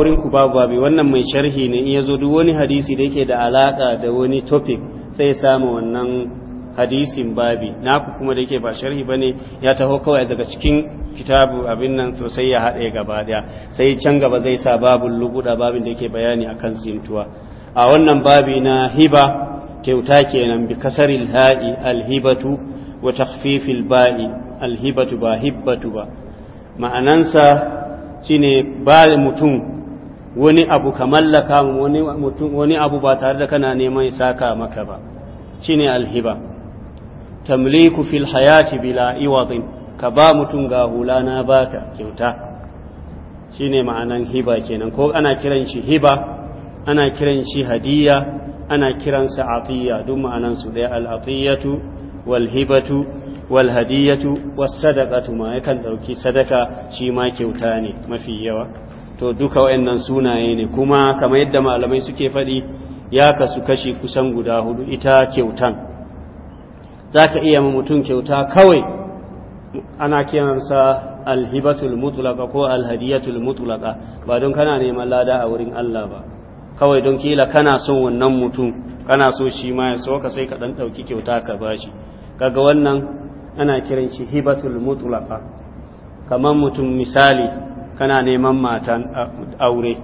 wurin ku babu babu wannan mai sharhi ne in yazo duk wani hadisi da yake da alaka da wani topic sai samu wannan hadisin babi naku kuma da yake ba sharhi bane ya taho kawai daga cikin kitabu abin nan to sai ya haɗe gaba daya sai can gaba zai sa babu luguda babin da yake bayani akan tsintuwa a wannan babi na hiba kyauta kenan bi kasaril ha'i alhibatu wa takhfifil ba'i alhibatu ba hibatu ba ma'anansa shine ba mutum wani abu ka mallaka wani abu ba tare da kana neman ka maka ba shine alhiba tamliku fil hayati bila iwazin ka ba mutum ga hula na baka kyauta shine ma'anan hiba kenan ko ana kiran shi hiba ana kiran shi hadiya ana kiran sa atiya duk ma'anan su ɗaya al-atiyatu wal hibatu wal hadiyatu was sadaqatu ma yakan dauki sadaka shi ma kyauta ne mafi yawa to duka wayannan sunaye ne kuma kamar yadda malamai suke faɗi ya kasu kashi kusan guda hudu ita kyautan za ka iya mutum kyauta kawai ana kiransa alhibatul mutlaka ko alhadiyatul mutlaka ba don kana neman lada a wurin Allah ba kawai don kila kana son wannan mutum kana so shi ma ya so ka sai ka dan dauki kyauta ka bashi kaga wannan ana kiran shi hibatul mutlaka kamar mutum misali kana neman matan aure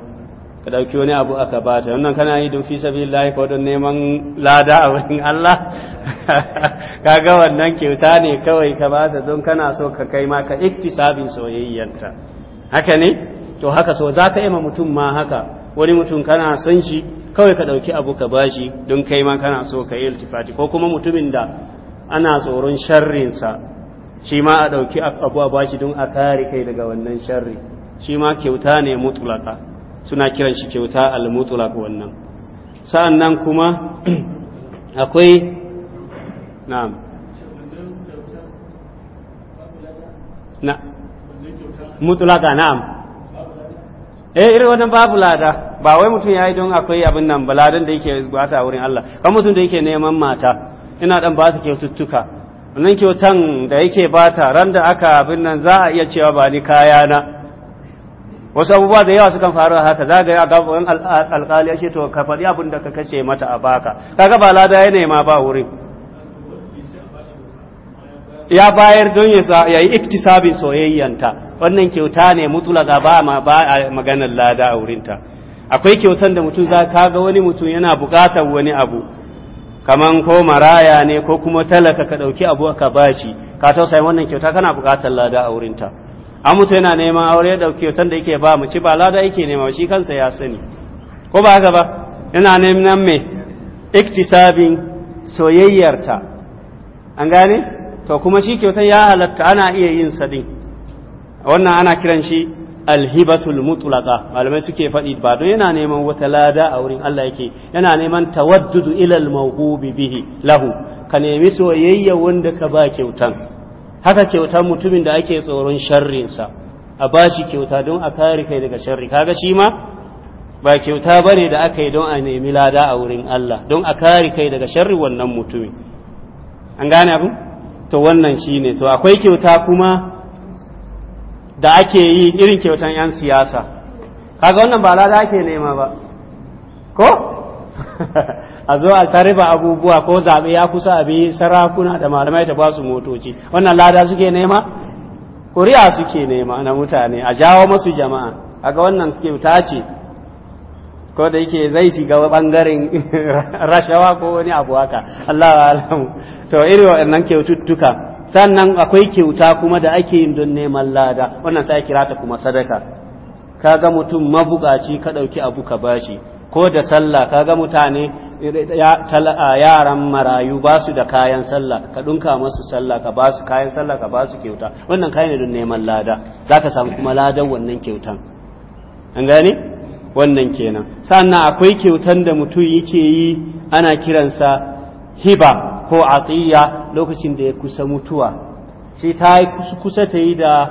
ka ɗauki wani abu aka ta wannan kana yi don fi sabilillahi ko don neman lada a wurin Allah kaga wannan kyauta ne kawai ka ta don kana so ka kai ma ka iktisabin soyayyanta haka ne to haka so za ka ima mutum ma haka wani mutum kana son shi kawai ka ɗauki abu ka bashi don kai ma kana so ka yi iltifati ko kuma mutumin da ana tsoron sharrinsa shi ma a ɗauki abu a bashi don a kare kai daga wannan sharri shi ma kyauta ne mutulaka suna kiran shi kyauta al-mutulak wannan sa'an nan kuma akwai na'am na mutulaka na'am eh irin wannan babu lada ba wai mutum ya yi don akwai abin nan baladan da yake bata wurin Allah kan mutum da yake neman mata ina dan ba su kyaututtuka wannan kyautan da yake bata ran da aka abin nan za a iya cewa ba ni kayana wasu abubuwa da yawa sukan faru haka za ga gaban alkali ya ce to ka faɗi abin da ka kashe mata a baka kaga ba lada ya nema ba wurin ya bayar don ya yi iktisabin soyayyanta wannan kyauta ne mutulaga ba ma ba a maganar lada a wurinta akwai kyautan da mutum za ka ga wani mutum yana buƙatar wani abu kaman ko maraya ne ko kuma talaka ka ɗauki abu ka bashi ka tausayi wannan kyauta kana buƙatar lada a wurinta an mutu yana neman aure da kyautan da yake ba mu ci ba lada yake nema shi kansa ya sani ko ba haka ba yana neman me iktisabin soyayyarta an gane to kuma shi kyautan ya halatta ana iya yin sadin wannan ana kiran shi alhibatul mutlaqa malamai suke faɗi ba don yana neman wata lada a wurin Allah yake yana neman tawaddudu ilal mawhubi bihi lahu ka nemi soyayya wanda ka ba kyautan haka kyauta mutumin da ake tsoron sharrinsa a bashi kyauta don a kare kai daga sharri kaga shi ma ba kyauta ba ne da aka yi don a nemi lada a wurin Allah don a kare kai daga sharri wannan mutumin an gane abu to wannan shi ne to akwai kyauta kuma da ake yi irin kyautan 'yan siyasa kaga wannan ba lada ake nema ba ko a zo a tariba abubuwa ko zaɓe ya kusa a bi sarakuna da malamai ta ba su motoci wannan lada suke nema ƙuri'a suke nema na mutane a jawo masu jama'a aga wannan kyauta ce ko da yake zai shiga bangaren rashawa ko wani abu haka Allah wa alamu to irin waɗannan kyaututtuka sannan akwai kyauta kuma da ake yin don neman lada wannan sai kira ta kuma sadaka ka ga mutum mabukaci ka ɗauki abu ka bashi ko da sallah kaga mutane yaran marayu ba su da kayan sallah ka dunka masu sallah ka ba su kayan sallah ka ba su kyauta wannan kayan ne don neman lada za ka samu kuma ladan wannan kyautan an gane wannan kenan sannan akwai kyautan da mutum yake yi ana kiransa hiba ko atiya lokacin da ya kusa mutuwa sai ta kusa ta yi da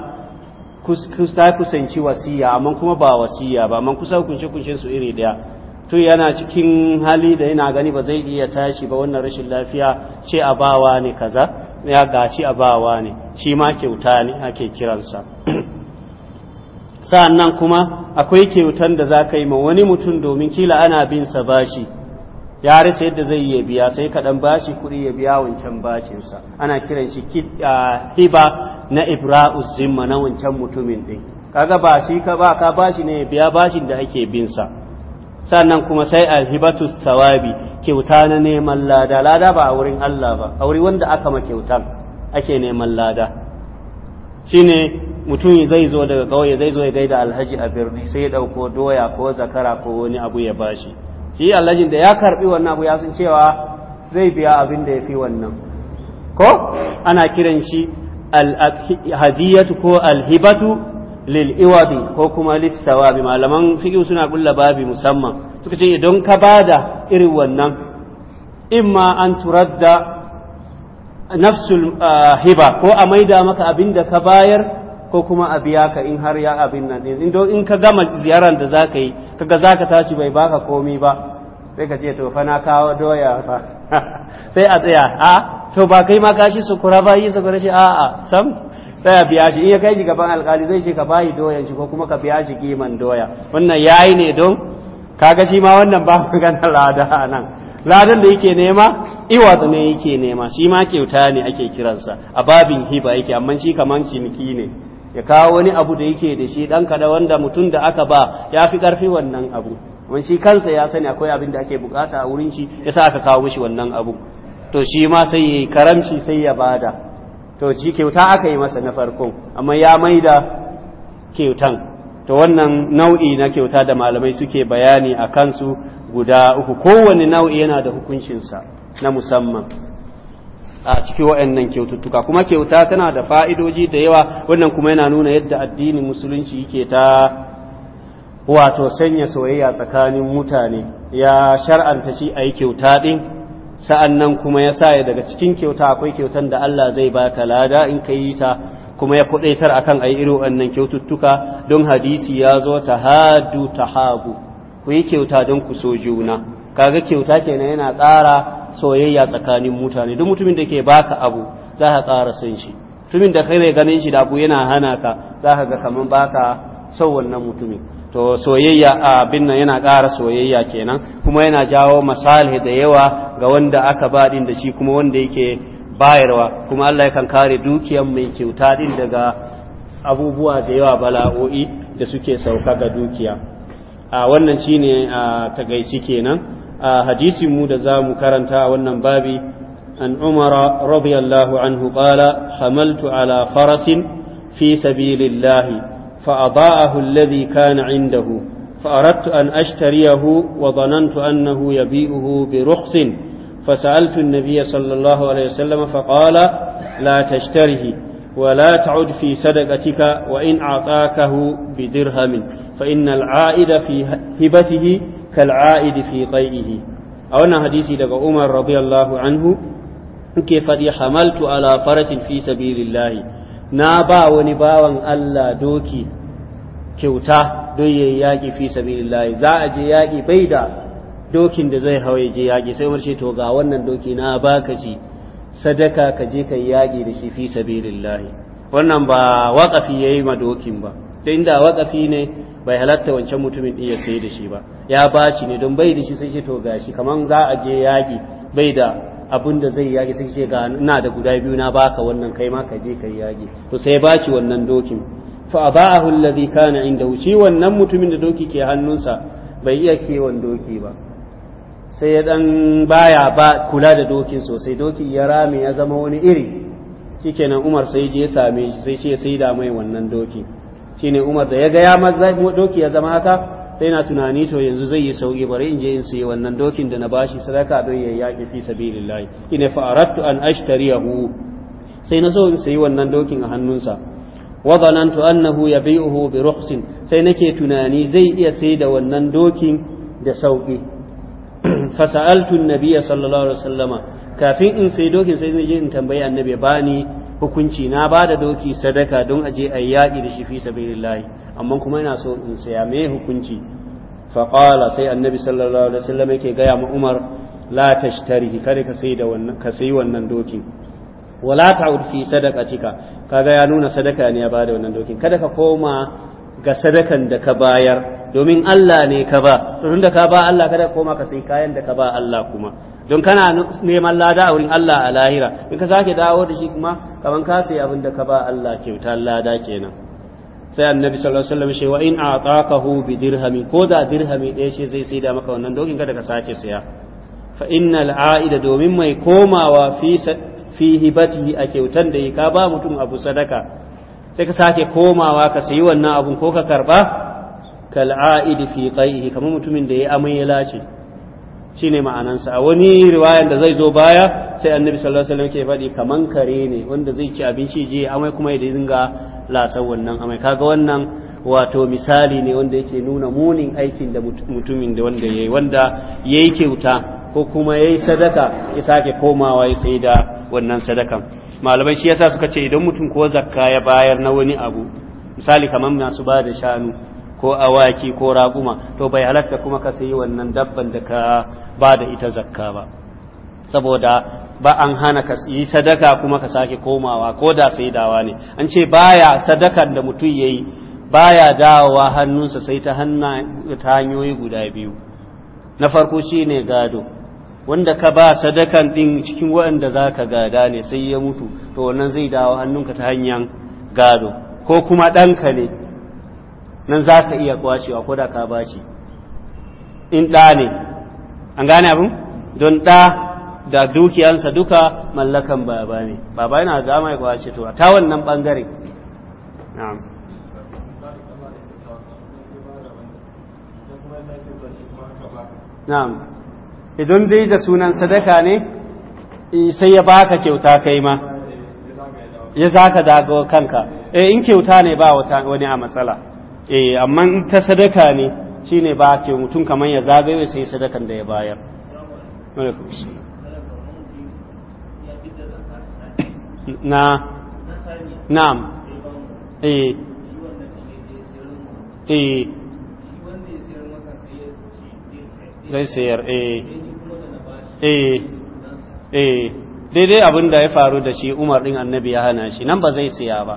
ta kusanci wasiya amma kuma ba wasiya ba amma kusa kunshe kunshensu su iri daya to yana cikin hali da yana gani ba zai iya tashi ba wannan rashin lafiya ce a bawa ne kaza ya gaci a bawa ne shi ma kyauta ne ake kiransa sa'annan kuma akwai kyautan da za ka yi ma wani mutum domin kila ana bin sa bashi ya rasa yadda zai iya biya sai ka dan bashi kuɗi ya biya wancan bashinsa ana kiran shi hiba na ibra'uz zimma na wancan mutumin din kaga ba shi ka ba ka bashi ne ya biya bashin da ake bin sa sannan kuma sai alhibatu sawabi kyauta na neman lada lada ba a wurin Allah ba a wuri wanda aka ma kyautan ake neman lada shine mutum zai zo daga kauye zai zo ya gaida alhaji a birni sai ya dauko doya ko zakara ko wani abu ya bashi shi alhajin da ya karbi wannan abu ya san cewa zai biya abin da ya fi wannan ko ana kiran shi Alhadiyatu ko alhibatu lil iwabi ko kuma lil sawabi malaman fiqh suna kulla babi musamman suka ce idan ka bada irin wannan imma an turadda nafsul ah, hiba ko a maida maka abinda ka bayar ko kuma a biya ka in har ya abin nan in in ka gama ziyarar da zaka yi kaga zaka tashi bai baka komi ba sai ka ce to fa na kawo doya fa sai a tsaya a ah, to ba kai ma kashi su kura ba su kura shi a a sam sai a biya shi in ya kai shi gaban alkali zai shi ka bayi doyan shi ko kuma ka biya shi kiman doya wannan yayi ne don kaga shi ma wannan ba maganar lada a nan ladan da yake nema iwat ne yake nema shi ma kyauta ne ake kiransa a babin hiba yake amma shi kaman ciniki ne ya kawo wani abu da yake da shi dan kada wanda mutum da aka ba ya fi karfi wannan abu wani shi kansa ya sani akwai abin da ake bukata a wurin shi yasa aka kawo mishi wannan abu to shi ma sai yayi karamci sai ya bada to ji kyauta aka yi masa na farko amma ya mai da kyautan to wannan nau'i na kyauta da malamai suke bayani a kansu guda uku kowane nau'i yana da hukuncinsa na musamman a ciki nan kyaututtuka kuma kyauta tana da fa'idoji da yawa wannan kuma yana nuna yadda addinin musulunci yake ta wato sanya soyayya tsakanin mutane ya shar'anta shi a yi kyauta ɗin sa'an nan kuma ya sa daga cikin kyauta akwai kyautan da Allah zai baka lada in ka yi ta kuma ya a akan ayi irin wannan kyaututtuka don hadisi ya zo ta hadu ta hagu ku yi kyauta don ku so juna kaga kyauta kenan yana ƙara soyayya tsakanin mutane duk mutumin da ke baka abu za ka ƙara son shi mutumin da kai ganin shi da abu yana hana ka za ka ga kamar baka son wannan mutumin to soyayya a abin nan yana ƙara soyayya kenan kuma yana jawo masalih da yawa ga wanda aka ba din da shi kuma wanda yake bayarwa kuma Allah yakan kare dukiyar mai kyauta din daga abubuwa da yawa bala'o'i da suke sauka ga dukiya a wannan shine a tagaici kenan a hadisin mu da zamu karanta a wannan babi an Umar radiyallahu anhu qala hamaltu ala farasin fi sabilillahi فأضاءه الذي كان عنده فأردت أن أشتريه وظننت أنه يبيئه برخص فسألت النبي صلى الله عليه وسلم فقال لا تشتره ولا تعد في صدقتك وإن أعطاكه بدرهم فإن العائد في هبته كالعائد في طيئه أولنا حديثي لك عمر رضي الله عنه كيف حملت على فرس في سبيل الله na ba wani bawan Allah doki kyauta don yayi yaƙi fi sabilillahi za a je yaƙi bai da dokin da zai hawa je yaƙi sai umar ce to ga wannan doki na baka shi sadaka ka je kai yaƙi da shi fi sabilillahi wannan ba waƙafi yayi ma dokin ba da inda waƙafi ne bai halatta wancan mutumin din ya sai da shi ba ya bashi ne don bai da shi sai ce to shi kaman za a je yaƙi bai da abin da zai yage sai ce ga ina da guda biyu na baka wannan kai ma ka je ka yage to sai baki wannan dokin fa aba'ahu alladhi kana inda shi wannan mutumin da doki ke hannunsa bai iya kewan doki ba sai ya dan baya ba kula da dokin sosai doki ya rame ya zama wani iri shikenan Umar sai je ya same shi sai ce sai da mai wannan doki shine Umar da ya ga ya doki ya zama haka sai na tunani to yanzu zai yi sauki bari in je in sayi wannan dokin da na bashi sadaka don ya yaƙi fi sabilillahi in fa aradtu an ashtariyahu sai na so in sayi wannan dokin a hannunsa wa dhanantu annahu yabi'uhu bi ruhsin sai nake tunani zai iya sai da wannan dokin da sauki fa sa'altu an-nabiyya sallallahu alaihi wasallama kafin in sayi dokin sai je in tambayi annabi bani hukunci na ba da doki sadaka don aje a yaƙi da shi fi sabilillahi amma kuma ina so in saya me hukunci faƙala sai annabi sallallahu alaihi wasallam yake gaya ma umar la tashtarihi kada ka sai wannan ka sai wannan dokin wala ta'ud fi sadaqatika kaga ya nuna sadaka ne ya bada wannan dokin kada ka koma ga sadakan da ka bayar domin Allah ne ka ba to da ka ba Allah kada koma ka sai kayan da ka ba Allah kuma don kana neman lada a wurin Allah a lahira in ka sake dawo da shi kuma kaman ka sai abin da ka ba Allah kyauta lada kenan sai annabi sallallahu alaihi wasallam shi wa in ataqahu bi dirhami ko da dirhami ɗaya shi zai sai da maka wannan dokin kada ka sake saya fa innal aida domin mai komawa fi fi hibati a kyautan da ya ka ba mutum abu sadaka sai ka sake komawa ka sayi wannan abun ko ka karba kal'a'idi fi qaihi kamar mutumin da ya amai ya lace shine ma'anansa a wani riwayan da zai zo baya sai annabi sallallahu alaihi wasallam ke faɗi kaman kare ne wanda zai ci abinci je amai kuma ya dinga lasan wannan amai kaga wannan wato misali ne wanda yake nuna munin aikin da mutumin da wanda yayi wanda yayi kyauta ko kuma yayi sadaka ya sake komawa ya sai da wannan sadakan malamai shi yasa suka ce idan mutum ko zakka ya bayar na wani abu misali kamar masu ba da shanu ko awaki ko raguma to bai halatta kuma ka sayi wannan dabban da ka ba da ita zakka ba saboda ba an hana ka yi sadaka kuma ka sake komawa ko da sai dawa ne an ce baya sadakan da mutum yayi baya dawowa hannunsa sai ta hanyoyi guda biyu na farko shine gado wanda ka ba sadakan din cikin waɗanda za ka gada ne sai ya mutu to wannan zai dawo hannunka ta hanyar gado ko kuma ɗanka ne nan za ka iya kwashewa ko da ka ba shi in ɗa ne an gane abin don ɗa da dukiyansa duka mallakan baba ne baba yana da dama kwashe to ta wannan ɓangare na'am na'am idan zai da sunan sadaka ne sai ya baka kyauta kai ma ya zaka dago kanka eh in kyauta ne ba wani a matsala eh amma in ta sadaka ne shine ba ke mutum kamar ya zagaye sai sadakan da ya bayar na na'am eh eh zai sayar eh eh eh daidai abin da ya faru da shi Umar ɗin Annabi ya hana shi nan ba zai siya ba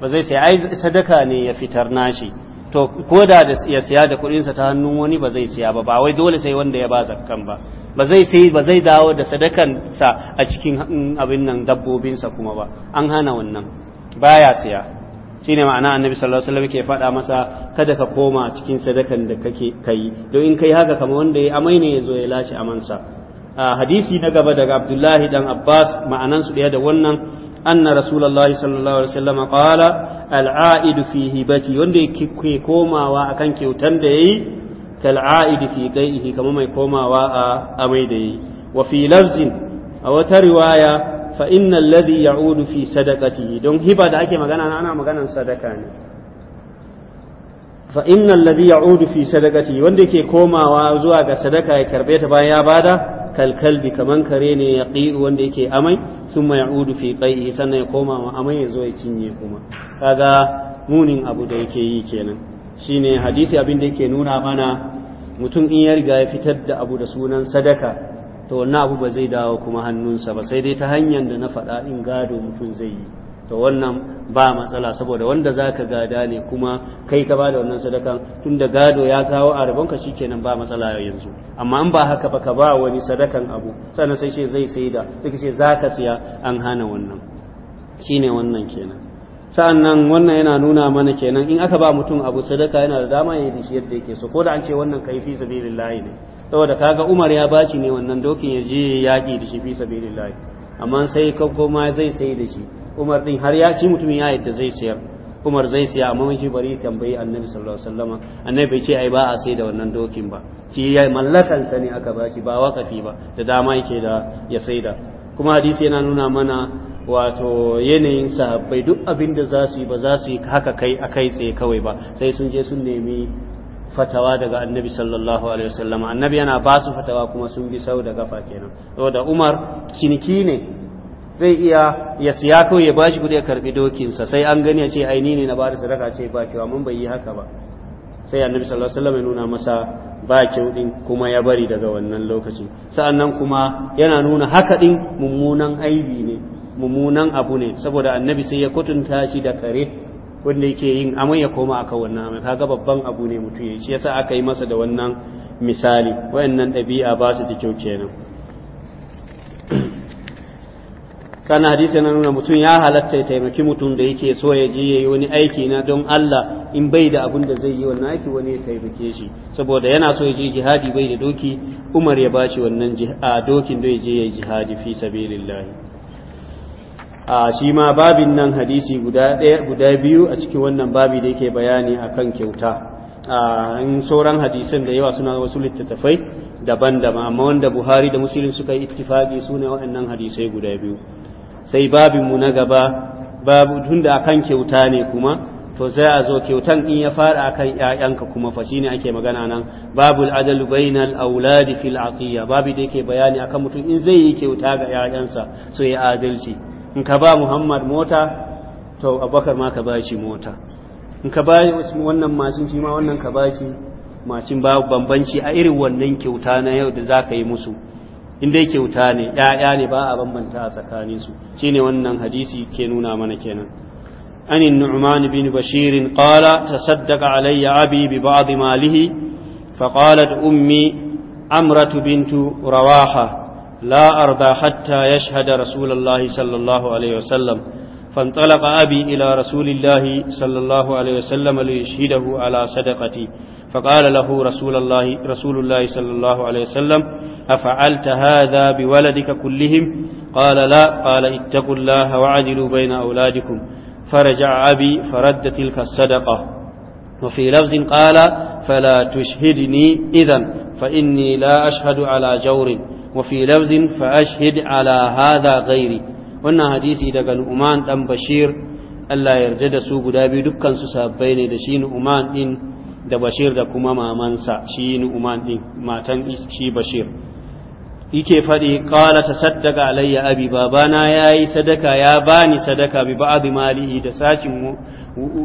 ba zai siya ai sadaka ne ya fitar nashi to ko da ya siya da kuɗin sa ta hannun wani ba zai siya ba ba wai dole sai wanda ya ba zakkan ba ba zai sai ba zai dawo da sadakan sa a cikin abin nan dabbobin kuma ba an hana wannan baya siya shine ma'ana annabi sallallahu alaihi ke faɗa masa kada ka koma cikin sadakan da kake kai don in kai haka kamar wanda ya amai ne ya zo ya lashe amansa Ah, hadisi na gaba daga abdullahi dan abbas ma'anansu su da wannan anna rasulullahi sallallahu alaihi wasallam qala al'aidu fi hibati wanda yake komawa akan kyautan da yayi kal'aidi fi gaihi kama mai komawa a amai da yi wa fi lafzin a wata riwaya fa inna alladhi ya'udu fi sadaqatihi don hiba da ake magana ana maganan sadaka ne fa inna alladhi ya'udu fi sadaqatihi wanda yake komawa zuwa ga sadaka ya karbe ta bayan ya bada kalkalbi kaman kare ne ya wanda yake amai sun mai udu fi ƙai'i sannan ya koma ma amai ya zo ya cinye kuma kaga munin abu da yake yi kenan shine hadisi abin da yake nuna mana mutum in ya riga ya fitar da abu da sunan sadaka to wannan abu ba zai dawo kuma hannunsa ba sai dai ta hanyar da na faɗa in gado mutum zai yi to wannan ba matsala saboda wanda zaka gada ne kuma kai ka ba da wannan sadakan tunda gado ya kawo a shi shikenan ba matsala yanzu amma in ba haka ba ka ba wani sadakan abu sannan sai ce zai da sai ka ce zaka siya an hana wannan shine wannan kenan sa'annan wannan yana nuna mana kenan in aka ba mutum abu sadaka yana da dama ya yi shi yadda yake so ko da an ce wannan kai fi sabilillahi ne saboda kaga Umar ya baci ne wannan dokin ya je yaƙi da shi fi sabilillahi amma sai ka zai sai da shi Umar din har ya ci mutumin ya yadda zai sayar Umar zai siya amma mun bari tambayi Annabi sallallahu alaihi wasallama Annabi bai ce ai ba a sai da wannan dokin ba shi ya mallakan sa ne aka bashi ba wakafi ba da dama yake da ya saida kuma hadisi yana nuna mana wato yanayin sahabbai duk abin da za su yi ba za su yi haka kai a kai tsaye kawai ba sai sun je sun nemi fatawa daga annabi sallallahu alaihi wasallama annabi yana ba su fatawa kuma sun bi sau da gafa kenan saboda umar ciniki ne zai iya ya siya ko ya bashi kuɗi ya karbi dokinsa sai an gani ya ce aini ne na bada sadaka ce ba kyau mun bai yi haka ba sai annabi sallallahu alaihi wasallam ya nuna masa ba kyau din kuma ya bari daga wannan lokaci sa'annan kuma yana nuna haka ɗin mummunan aibi ne mummunan abu ne saboda annabi sai ya kutunta shi da kare wanda yake yin amai ya koma akan wannan amai kaga babban abu ne mutum ya shi yasa aka yi masa da wannan misali wayannan ɗabi'a ba su da kyau kenan kana hadisi na nuna mutum ya halatta ya taimaki mutum da yake so ya je ya yi wani aiki na don Allah in bai da abin da zai yi wannan aiki wani ya taimake shi saboda yana so ya je jihadi bai da doki Umar ya bashi wannan dokin da ya je ya jihadi fi sabilillah a shi ma babin nan hadisi guda ɗaya biyu a cikin wannan babi da yake bayani akan kyauta a in sauran hadisan da yawa suna wasu littattafai daban-daban amma wanda Buhari da Muslim suka yi ittifaqi sune waɗannan hadisai guda biyu sai babinmu na gaba babu tunda kan kyauta ne kuma to sai a zo kyautan in ya fara akan ƴaƴanka kuma fa shine ake magana nan babul adal bainal auladi fil aqiya babu da yake bayani akan mutum in zai yi kyauta ga ƴaƴansa so ya adalci in ka ba Muhammad mota to Abubakar ma ka ba shi mota in ka ba wannan mashin shi ma wannan ka ba shi mashin babu bambanci a irin wannan kyauta na yau da zaka yi musu inda yake wuta ne ‘ya'ya ne ba a bambanta a tsakanin su shine wannan hadisi ke nuna mana kenan an nu'man bin bashirin qala tasaddaqa alayya abi bi ba'd malihi fa qalat ummi amrat bintu rawaha la arda hatta yashhada rasulullahi sallallahu alaihi wasallam فانطلق أبي إلى رسول الله صلى الله عليه وسلم ليشهده على صدقتي فقال له رسول الله رسول الله صلى الله عليه وسلم أفعلت هذا بولدك كلهم قال لا قال اتقوا الله وعدلوا بين أولادكم فرجع أبي فرد تلك الصدقة وفي لفظ قال فلا تشهدني إذا فإني لا أشهد على جور وفي لفظ فأشهد على هذا غيري wannan hadisi daga Nu'man dan Bashir Allah ya yarda da su guda biyu dukkan su sabbai ne da shi Nu'man din da bashir da kuma mamansa shi nu'uman din matan shi bashir yake faɗi ƙala ta saddaka alayya abi babana ya yi sadaka ya bani sadaka bi ba'abi malihi da sashin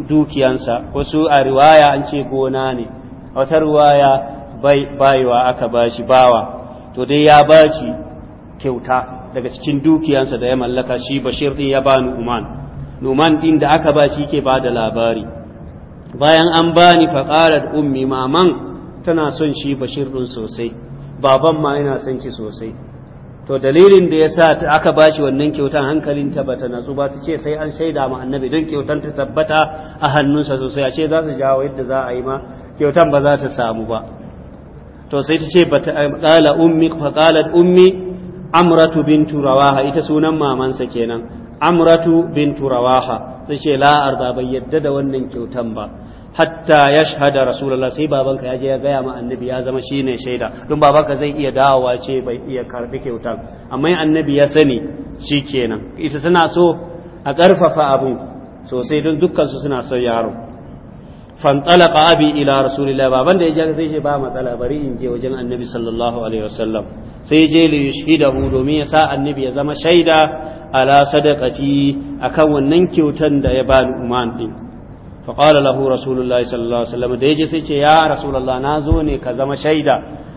dukiyansa wasu a riwaya an ce gona ne wata riwaya bai baiwa aka bashi bawa to dai ya baci kyauta daga cikin dukiyansa da ya mallaka shi bashir din ya ba nu'man Nu'uman din da aka bashi yake ba da labari bayan an bani faƙarar ummi maman tana son shi bashir ɗin sosai baban ma yana son shi sosai to dalilin da ya sa aka ba shi wannan kyautan hankalinta ba ta natsu ba ta ce sai an shaida ma annabi don kyautan ta tabbata a hannunsa sosai a ce za su jawo yadda za a yi ma kyautan ba za ta samu ba to sai ta ce faƙalar ummi faƙalar ummi amratu bintu rawaha ita sunan mamansa kenan amratu bintu rawaha ce la'ar da bai yadda da wannan kyautan ba hatta ya shahada rasulullah sai babanka ya je ya gaya ma annabi ya zama shine shaida don babanka zai iya dawowa ce bai iya karbi kyautan amma in annabi ya sani shi kenan. ita suna so a karfafa abu sosai don dukkan suna son yaro fantalaka abi ila rasulillah baban da ya je sai shi ba matsala bari in je wajen annabi sallallahu alaihi wasallam sai je li yushhidahu domin ya sa annabi ya zama shaida ala sadaqati akan wannan kyautan da ya bani umman din fa qala lahu rasulullahi sallallahu alaihi wasallam da yaje sai ce ya rasulullah na zo ne ka zama shaida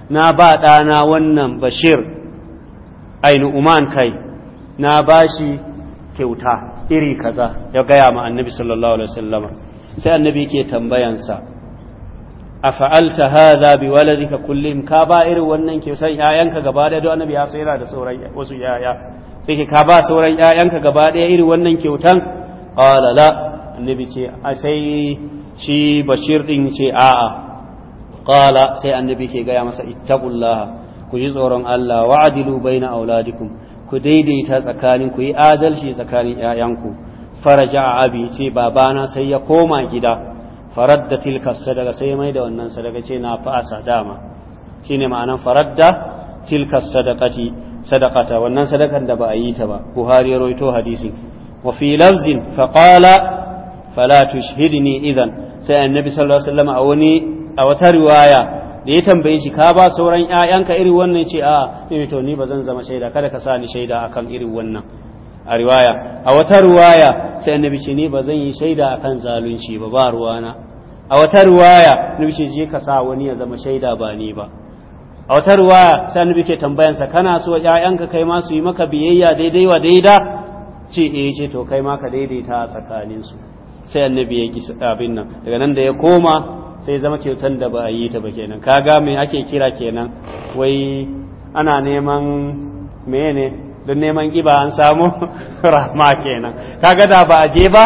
na ba dana wannan bashir ainu umman kai na bashi kyauta iri kaza ya gaya ma annabi sallallahu alaihi wasallam sai annabi ke tambayansa a fa'alta haza bi waladika kullum ka ba irin wannan kyautar ‘ya'yanka gaba da annabi ya tsira da sauran wasu ‘ya'ya sai ke ka ba sauran ‘ya'yanka gaba ɗaya irin wannan kyautan ƙalala annabi ce a sai shi bashir ɗin ce a'a ƙala sai annabi ke gaya masa ittaqullaha ku ji tsoron Allah wa'adilu baina auladikum ku daidaita tsakanin ku yi adalci tsakanin ‘ya'yanku faraja abi ce babana sai ya koma gida faradda tilka sadaka sai mai da wannan sadaka ce na fa'asa dama shine ma'anan faradda tilka sadaqati sadaqata wannan sadakan da ba a yi ta ba buhari ya roito hadisi wa fi lafzin fa qala fala tushhidni idan sai annabi sallallahu alaihi wasallam a wani a wata riwaya da ya tambaye shi ka ba sauran ƴaƴanka irin wannan ce a eh to ni bazan zama shaida kada ka sa ni shaida akan irin wannan a riwaya a wata riwaya sai annabi ce ni bazan yi shaida akan zalunci ba ba ruwana a wata riwaya nabi ce je ka sa wani ya zama shaida ba ni ba a wata ruwa sai annabi ke tambayansa kana so ƴaƴanka kai ma su yi maka biyayya daidai wa daida ce eh ce to kai ma ka daidaita a tsakanin su sai annabi ya ki abin nan daga nan da ya koma sai zama kyautan da ba a yi ta ba kenan kaga me ake kira kenan wai ana neman mene don neman kiba an samu rahma kenan kaga da ba a je ba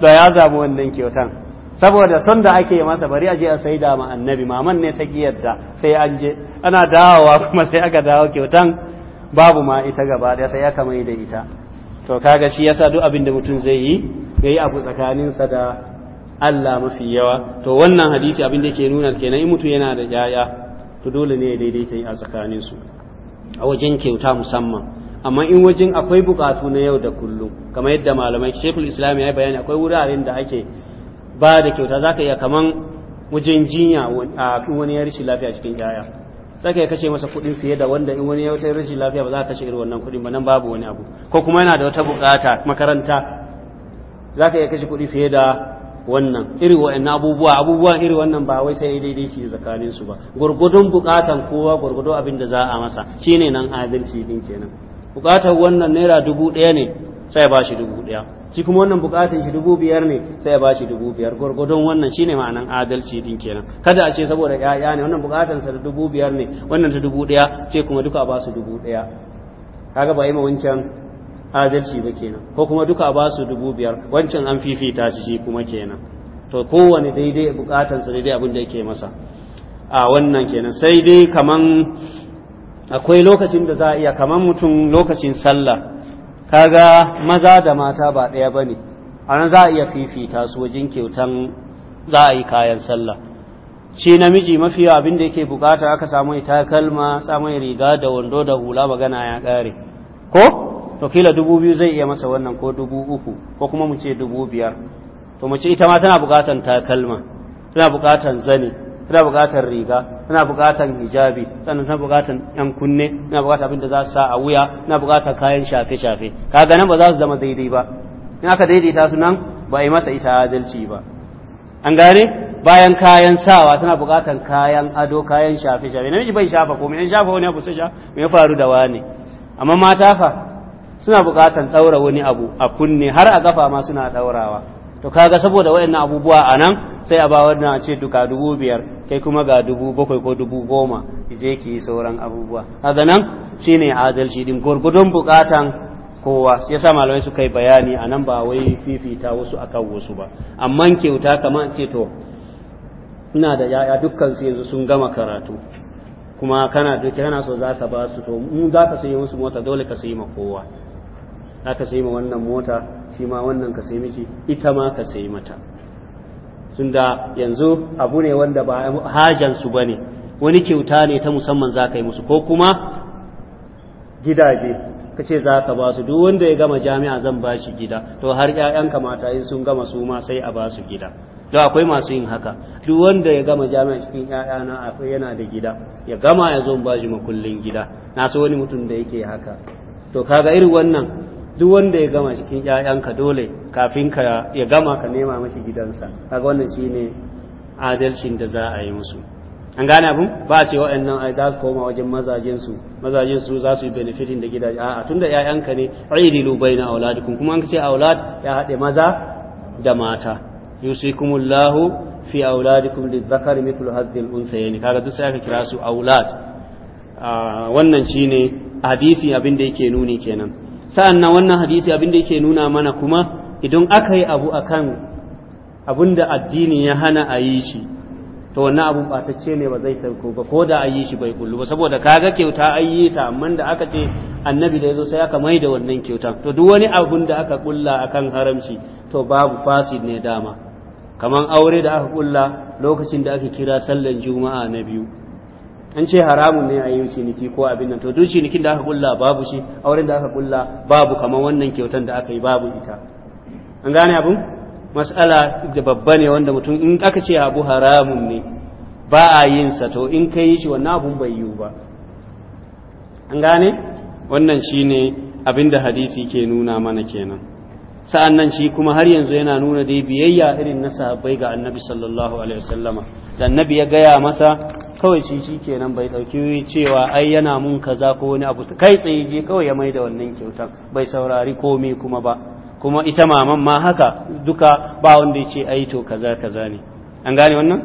da ya zamu wannan kyautan saboda son da ake masa bari a je a sai da annabi maman ne ta kiyarta sai an je ana dawowa kuma sai aka dawo kyautan babu ma ita gaba da sai aka mai da ita to kaga shi yasa duk abin da mutum zai yi yayi abu tsakaninsa da Allah mafi yawa to wannan hadisi abin da ke nuna kenan in mutum yana da yaya to dole ne ya daidaita yi a tsakaninsu a wajen kyauta musamman amma in wajen akwai bukatu na yau da kullum kamar yadda malamai shekul islam ya bayani akwai wuraren da ake ba da kyauta za ka iya kaman wajen jinya a in wani ya rishi lafiya cikin yaya za ka iya kashe masa kuɗin fiye da wanda in wani ya wata rashin lafiya ba za ka kashe irin wannan kuɗin ba nan babu wani abu ko kuma yana da wata buƙata makaranta za ka iya kashe kuɗi fiye da wannan iri wa'annan abubuwa abubuwan iri wannan ba wai sai daidai shi tsakanin su ba gurgudun buƙatan kowa gurgudu abin da za a masa shine nan adalci din kenan buƙatar wannan naira dubu ɗaya ne sai ba shi dubu ɗaya shi kuma wannan bukatun shi dubu biyar ne sai ya ba shi dubu biyar gwargwadon wannan shine ma'anan adalci din kenan kada a ce saboda ya'ya ne wannan bukatun da dubu biyar ne wannan ta dubu ɗaya sai kuma duka a ba su dubu ɗaya kaga ba yi ma wancan adalci ba kenan ko kuma duka a ba su dubu biyar wancan an fifita shi shi kuma kenan to kowane daidai bukatun daidai abin da yake masa a wannan kenan sai dai kaman akwai lokacin da za a iya kaman mutum lokacin sallah kaga maza da mata ba ɗaya ba ne a nan za a iya fifita su wajen kyautan za a yi kayan sallah shi namiji mafi abin da yake bukata aka samu ita kalma samun riga da wando da hula magana ya ƙare ko to kila dubu biyu zai iya masa wannan ko dubu uku ko kuma mu ce dubu biyar to mu ce ita ma tana bukatan takalma tana bukatan zani. tana buƙatar riga tana buƙatar hijabi sannan tana buƙatar yan kunne tana buƙatar abin za su sa a wuya tana buƙatar kayan shafe-shafe kaga nan ba za su zama daidai ba in aka daidaita su nan ba a yi mata ita adalci ba an gane bayan kayan sawa tana buƙatar kayan ado kayan shafe-shafe namiji bai shafa komai mai shafa wani abu sai sha me faru da wani amma mata fa suna buƙatar ɗaura wani abu a kunne har a gafa ma suna ɗaurawa to kaga saboda waɗannan abubuwa a nan sai a ba wannan a ce duka dubu biyar kai kuma ga dubu bakwai ko dubu goma je ki yi sauran abubuwa haka nan shine adalci din gurgudun bukatan kowa Ya sa malamai suka yi bayani a nan ba wai fifita wasu akan wasu ba amma kyauta kamar ce to ina da yaya dukkan su yanzu sun gama karatu kuma kana duki kana so ka ba su to mu ka sayi musu mota dole ka sayi ma kowa Za ka sayi ma wannan mota shi ma wannan ka sayi miki ita ma ka sayi mata tunda yanzu abu ne wanda ba hajansu ba ne wani kyauta ne ta musamman za ka yi musu ko kuma gidaje ka ce za ka ba su duk wanda ya gama jami'a zan ba shi gida to har 'ya'yanka mata in sun gama su ma sai a ba su gida To akwai masu yin haka duk wanda ya gama jami'a cikin 'ya'yana akwai yana da gida ya gama ya zo ba shi makullin gida na so wani mutum da yake haka to kaga irin wannan duk wanda ya gama cikin ƴaƴanka dole kafin ka ya gama ka nema mashi gidansa kaga wannan shine adalcin da za a yi musu an gane abun ba a ce wa'annan ai za su koma wajen mazajen su mazajen su za su yi benefitin da gidaje a'a tunda ƴaƴanka ne aidilu baina auladikum kuma an ce aulad ya haɗe maza da mata yusikumullahu fi auladikum lizzakari mithlu hadhil al kaga duk sai aka kira su aulad wannan shine hadisi abin da yake nuni kenan sa'an nan wannan hadisi abinda yake nuna mana kuma idan aka yi abu akan abin da addini ya hana a yi shi to wannan abun batacce ne ba zai sauko ba ko da a yi shi bai kullu ba saboda kaga kyauta an yi ta amma da aka ce annabi da ya zo sai aka mai da wannan kyautan to duk wani abun da aka kulla akan haramci to babu fasid ne dama kamar aure da aka kulla lokacin da aka kira sallan juma'a na biyu an ce haramun ne a yi ciniki ko abin nan to duk cinikin da aka kulla babu shi auren da aka kulla babu kamar wannan kyautan da aka yi babu ita an gane abin mas'ala da babba ne wanda mutum in aka ce abu haramun ne ba a yin sa to in ka yi shi wannan abun bai yiwu ba an gane wannan shine abin da hadisi ke nuna mana kenan sa'an nan shi kuma har yanzu yana nuna dai biyayya irin na sahabbai ga annabi sallallahu alaihi wasallama da annabi ya gaya masa kawai shi shi kenan bai ɗauki cewa ai yana mun kaza ko wani abu kai tsaye je kawai ya mai da wannan kyautan bai saurari komai kuma ba kuma ita maman ma haka duka ba wanda ya ce ai to kaza kaza ne an gane wannan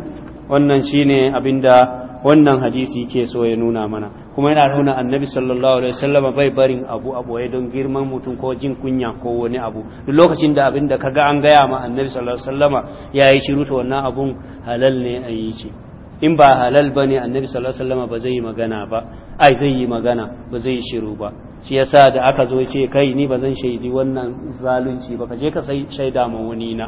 wannan shine abinda wannan hadisi yake so ya nuna mana kuma yana nuna annabi sallallahu alaihi wasallam bai barin abu a boye don girman mutum ko jin kunya ko wani abu duk lokacin da abinda da kaga an gaya ma annabi sallallahu alaihi wasallama yayi shiru to wannan abun halal ne a yi shi in ba halal ba ne annabi sallallahu alaihi ba zai yi magana ba ai zai yi magana ba zai shiru ba shi yasa da aka zo ce kai ni ba zan shaidi wannan zalunci ba ka je ka sai shaida ma wani na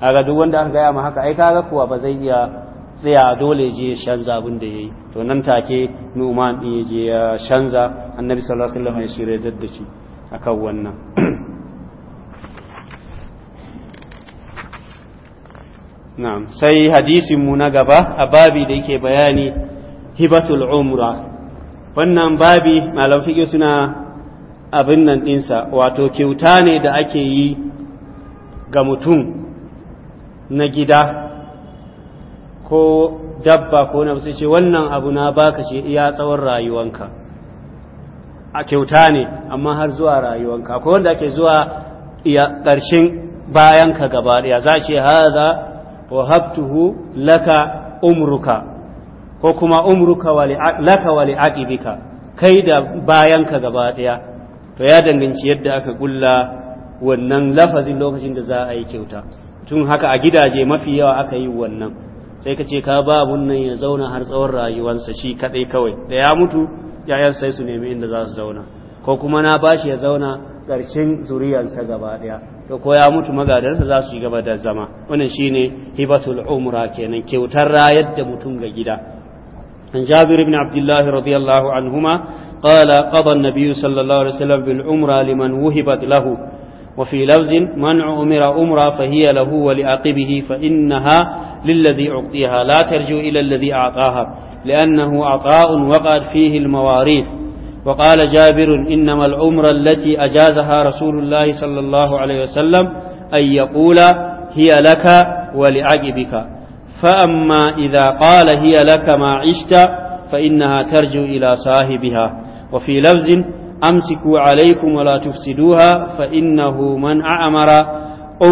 aga duk wanda an gaya ma haka ai kaga kuwa ba zai iya tsaya dole je shanza abin da yayi to nan take Nu'man din je ya shanza annabi sallallahu alaihi wasallam ya shirye da shi akan wannan na'am sai hadisin mu na gaba a babi da yake bayani hibatul wannan babi malam fiqh suna abin nan ɗinsa wato kyauta ne da ake yi ga mutum na gida ko dabba ko na sai ce wannan abu na baka ce iya tsawon rayuwanka a kyauta ne amma har zuwa rayuwanka ko wanda ake zuwa iya ƙarshen bayanka gaba ɗaya za ce haza wahabtuhu laka umruka ko kuma umruka wali laka wali aqibika kai da bayanka gaba daya to ya danganci yadda aka gulla wannan lafazin lokacin da za a yi kyauta tun haka a gidaje mafi yawa aka yi wannan sai ka ce ka ba nan ya zauna har tsawon rayuwarsa shi kadai kawai da ya mutu yayan sai su nemi inda za su zauna ko kuma na bashi ya zauna ƙarshen zuriyarsa gaba daya to ko ya mutu magadarsa za su yi gaba da zama wannan shine hibatul umra kenan kyautar rayar da mutum ga gida an jabir ibn abdullah radiyallahu anhuma qala qada an-nabiy sallallahu alaihi wasallam bil umra liman wuhibat lahu wa fi lafzin man umira umra وفي لفظ من عمر أمرا فهي له ولأقبه فإنها للذي أعطيها لا ترجو إلى الذي أعطاها لأنه عطاء وقعت فيه المواريث وقال جابر إنما العمرة التي أجازها رسول الله صلى الله عليه وسلم أن يقول هي لك ولعقبك فأما إذا قال هي لك ما عشت فإنها ترجو إلى صاحبها وفي لفظ أمسكوا عليكم ولا تفسدوها فإنه من أعمر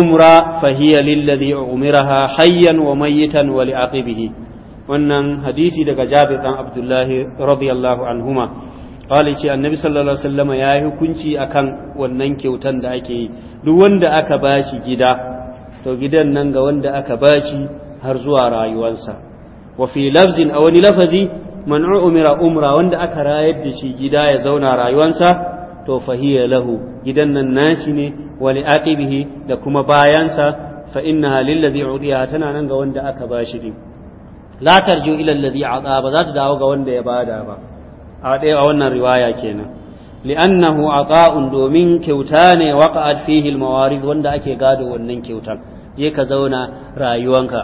أمرا فهي للذي أعمرها حيا وميتا ولعقبه wannan hadisi daga jabir dan abdullahi radiyallahu anhuma kawai ce annabi sallallahu alaihi sallama ya yi hukunci akan wannan kyautan da ake yi duk wanda aka bashi gida to gidan nan ga wanda aka bashi har zuwa rayuwarsa wa fi lafzin a wani lafazi man'u umira umra wanda aka rayar da shi gida ya zauna rayuwarsa to fahiya lahu gidan nan nashi ne wa li'aqibihi da kuma bayansa fa halin lillazi udiya tana nan ga wanda aka bashi din la tarju ila allazi ba za ta dawo ga wanda ya bada ba a ɗaya a wannan riwaya kenan li'annahu aqa'un domin kyauta ne waqa'at fihi al-mawarid wanda ake gado wannan kyautan je ka zauna rayuwanka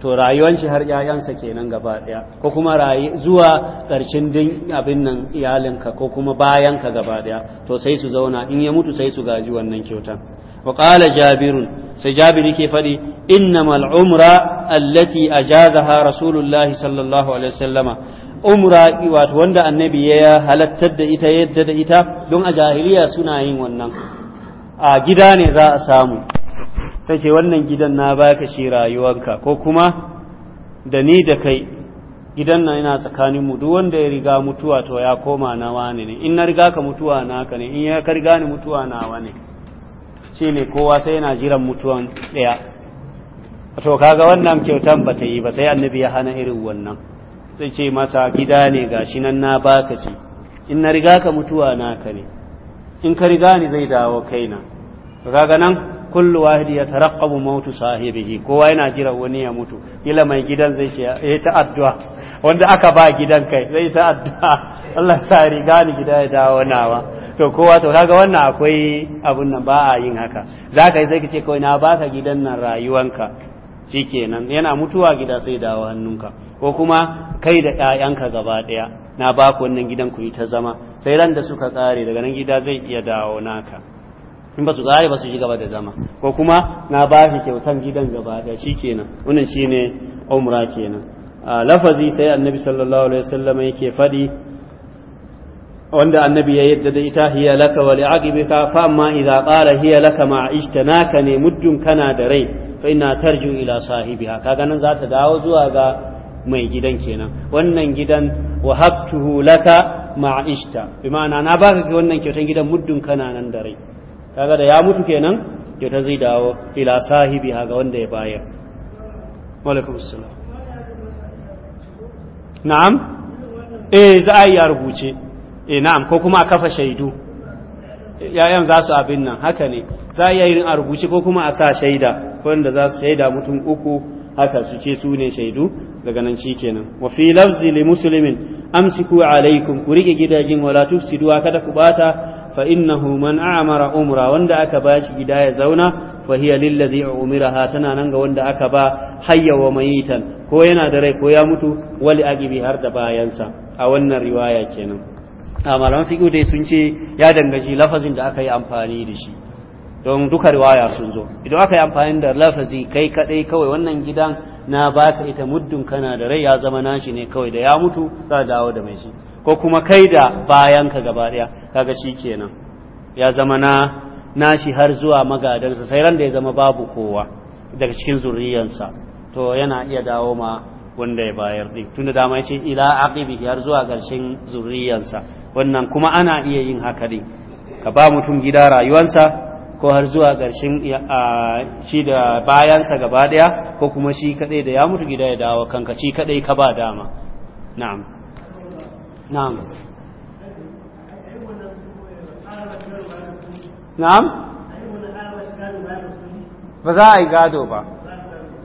to rayuwan shi har yayansa kenan gaba daya ko kuma zuwa ƙarshen din abin nan iyalinka ko kuma bayanka gaba daya to sai su zauna in ya mutu sai su gaji wannan kyautan wa qala jabirun sai jabir yake fadi innamal umra allati ajazaha rasulullahi sallallahu alaihi wasallama umra wato wanda annabi ya halattar da ita yadda da ita don a jahiliya suna yin wannan a gida ne za a samu sai ce wannan gidan na baka shi rayuwanka ko kuma da ni da kai gidan nan yana tsakanin mu duk wanda ya riga mutuwa to ya koma na wani ne in na riga ka mutuwa na ka ne in ya ka riga ni mutuwa nawa ne kowa sai yana jiran mutuwan ɗaya to kaga wannan kyautan ba ta yi ba sai annabi ya hana irin wannan zai ce masa gida ne ga shi nan na baka ce in na riga ka mutuwa naka ne in ka riga ni zai dawo kaina kaga nan kullu wahidi ya taraqqabu mautu sahibihi kowa yana jira wani ya mutu kila mai gidan zai ce eh ta addu'a wanda aka ba gidan kai zai ta addu'a Allah sa riga ni gida ya dawo nawa to kowa to kaga wannan akwai abun nan ba a yin haka zaka yi sai ka ce kawai na baka gidan nan rayuwanka shikenan yana mutuwa gida sai dawo hannunka ko kuma kai da ƴaƴanka gaba ɗaya na ba wannan gidan ku yi ta zama sai ran da suka ƙare daga nan gida zai iya dawo naka in ba su ƙare ba su yi gaba da zama ko kuma na ba shi kyautan gidan gaba ɗaya kenan wannan shi ne umra kenan lafazi sai annabi sallallahu alaihi wasallam yake faɗi wanda annabi ya yadda da ita hiya laka wa li'aqibika fa amma idza qala hiya laka ma ishtanaka ne muddun kana da rai fa ina tarju ila sahibiha kaga nan za ta dawo zuwa ga mai gidan kenan wannan gidan wa habtuhu laka ma'ishta bi ma'ana na baka ki wannan kyautan gidan muddin kana nan da rai kaga da ya mutu kenan kyauta zai dawo ila sahibi ga wanda ya bayar alaikum assalam na'am eh za a yi a rubuce eh na'am ko kuma a kafa shaidu yayan za su abin nan haka ne za a yi a rubuce ko kuma a sa shaida wanda za su shaida mutum uku haka su ce su ne shaidu daga nan shi kenan wa fi lafzi li muslimin amsiku alaikum ku rike gidajen wala tufsidu kada ku bata fa innahu man a'mara umra wanda aka bashi gida ya zauna fa hiya lillazi ha. tana nan ga wanda aka ba hayya wa mayitan ko yana da rai ko ya mutu wali agibi har da bayansa a wannan riwaya kenan a malaman fiqh dai sun ce ya dangaci lafazin da aka yi amfani da shi don duka riwaya sun zo idan aka yi amfani da lafazi kai kadai kawai wannan gidan na ba ka ita muddin kana da rai ya zama nashi ne kawai da ya mutu za a dawo da mai shi ko kuma kai da bayan ka gaba daya kaga shi kenan ya zama na nashi har zuwa magadansa sai ran da ya zama babu kowa daga cikin zuriyarsa to yana iya dawo ma wanda ya bayar din tunda dama yace ila aqibi har zuwa ƙarshen zuriyarsa wannan kuma ana iya yin haka din ka ba mutum gida rayuwarsa ko har zuwa ƙarshen shi da bayansa gaba ɗaya ko kuma shi kaɗai da ya mutu gida ya dawo kanka shi kaɗai ka ba dama na'am na'am na'am ba za a yi gado ba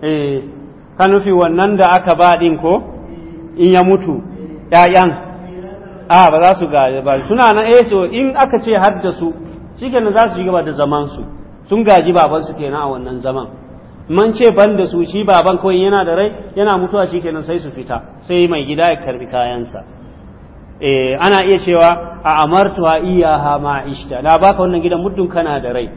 eh ka nufi wannan da aka ba ɗin ko in ya mutu ‘ya'yan a ba za su gado ba suna na eh to in aka ce har da su shikenan za su ci gaba da zaman su sun gaji baban su kenan a wannan zaman man ce ban da su shi baban kawai yana da rai yana mutuwa shikenan sai su fita sai mai gida ya karbi kayansa eh ana iya cewa a amartuha iyaha ma ishta na baka wannan gidan muddin kana da rai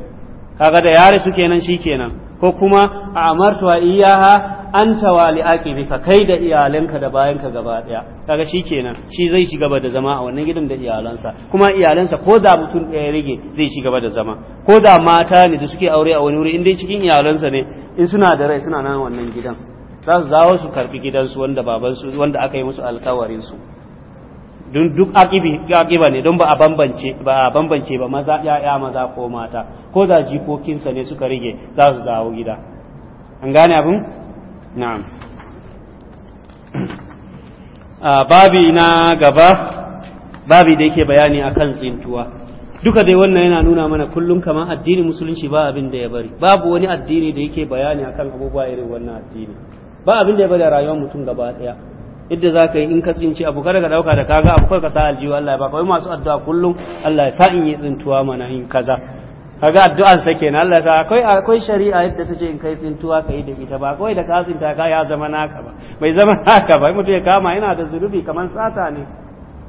kaga da yare su kenan shikenan ko kuma a iya iyaha anta wa liaqibika kai da iyalanka da bayanka gaba daya kaga shikenan shi zai shiga ba da zama a wannan gidan da iyalansa kuma iyalansa ko da mutum ɗaya rage zai shiga ba da zama ko da mata ne da suke aure a wani wuri in dai cikin iyalansa ne in suna da rai suna nan wannan gidan za su zawo su karbi gidansu wanda babansu wanda aka yi musu alkawarin su don duk aqiba ne don ba a bambance ba a bambance ba maza ya'ya maza ko mata ko da jikokinsa ne suka rige za su dawo gida an gane abin نعم ah, babi na gaba babi da yake bayani akan tsintuwa duka dai wannan yana nuna mana kullum kamar addini musulunci ba abin da ya bari babu wani addini da yake bayani akan abubuwa irin wannan addini ba abin da ya bari a rayuwar mutum gaba daya yadda za ka yi in ka tsinci abu kada ka dauka da kaga abu kai ka sa aljihu Allah ya baka wai masu addu'a kullum Allah ya sa in yi tsintuwa mana in kaza kaga addu'an sa kenan Allah sa akwai akwai shari'a yadda tace in kai tsintuwa kai da ita ba akwai da ka tsinta ka ya zama naka ba bai zama naka ba mutum ya kama yana da zurubi kamar sata ne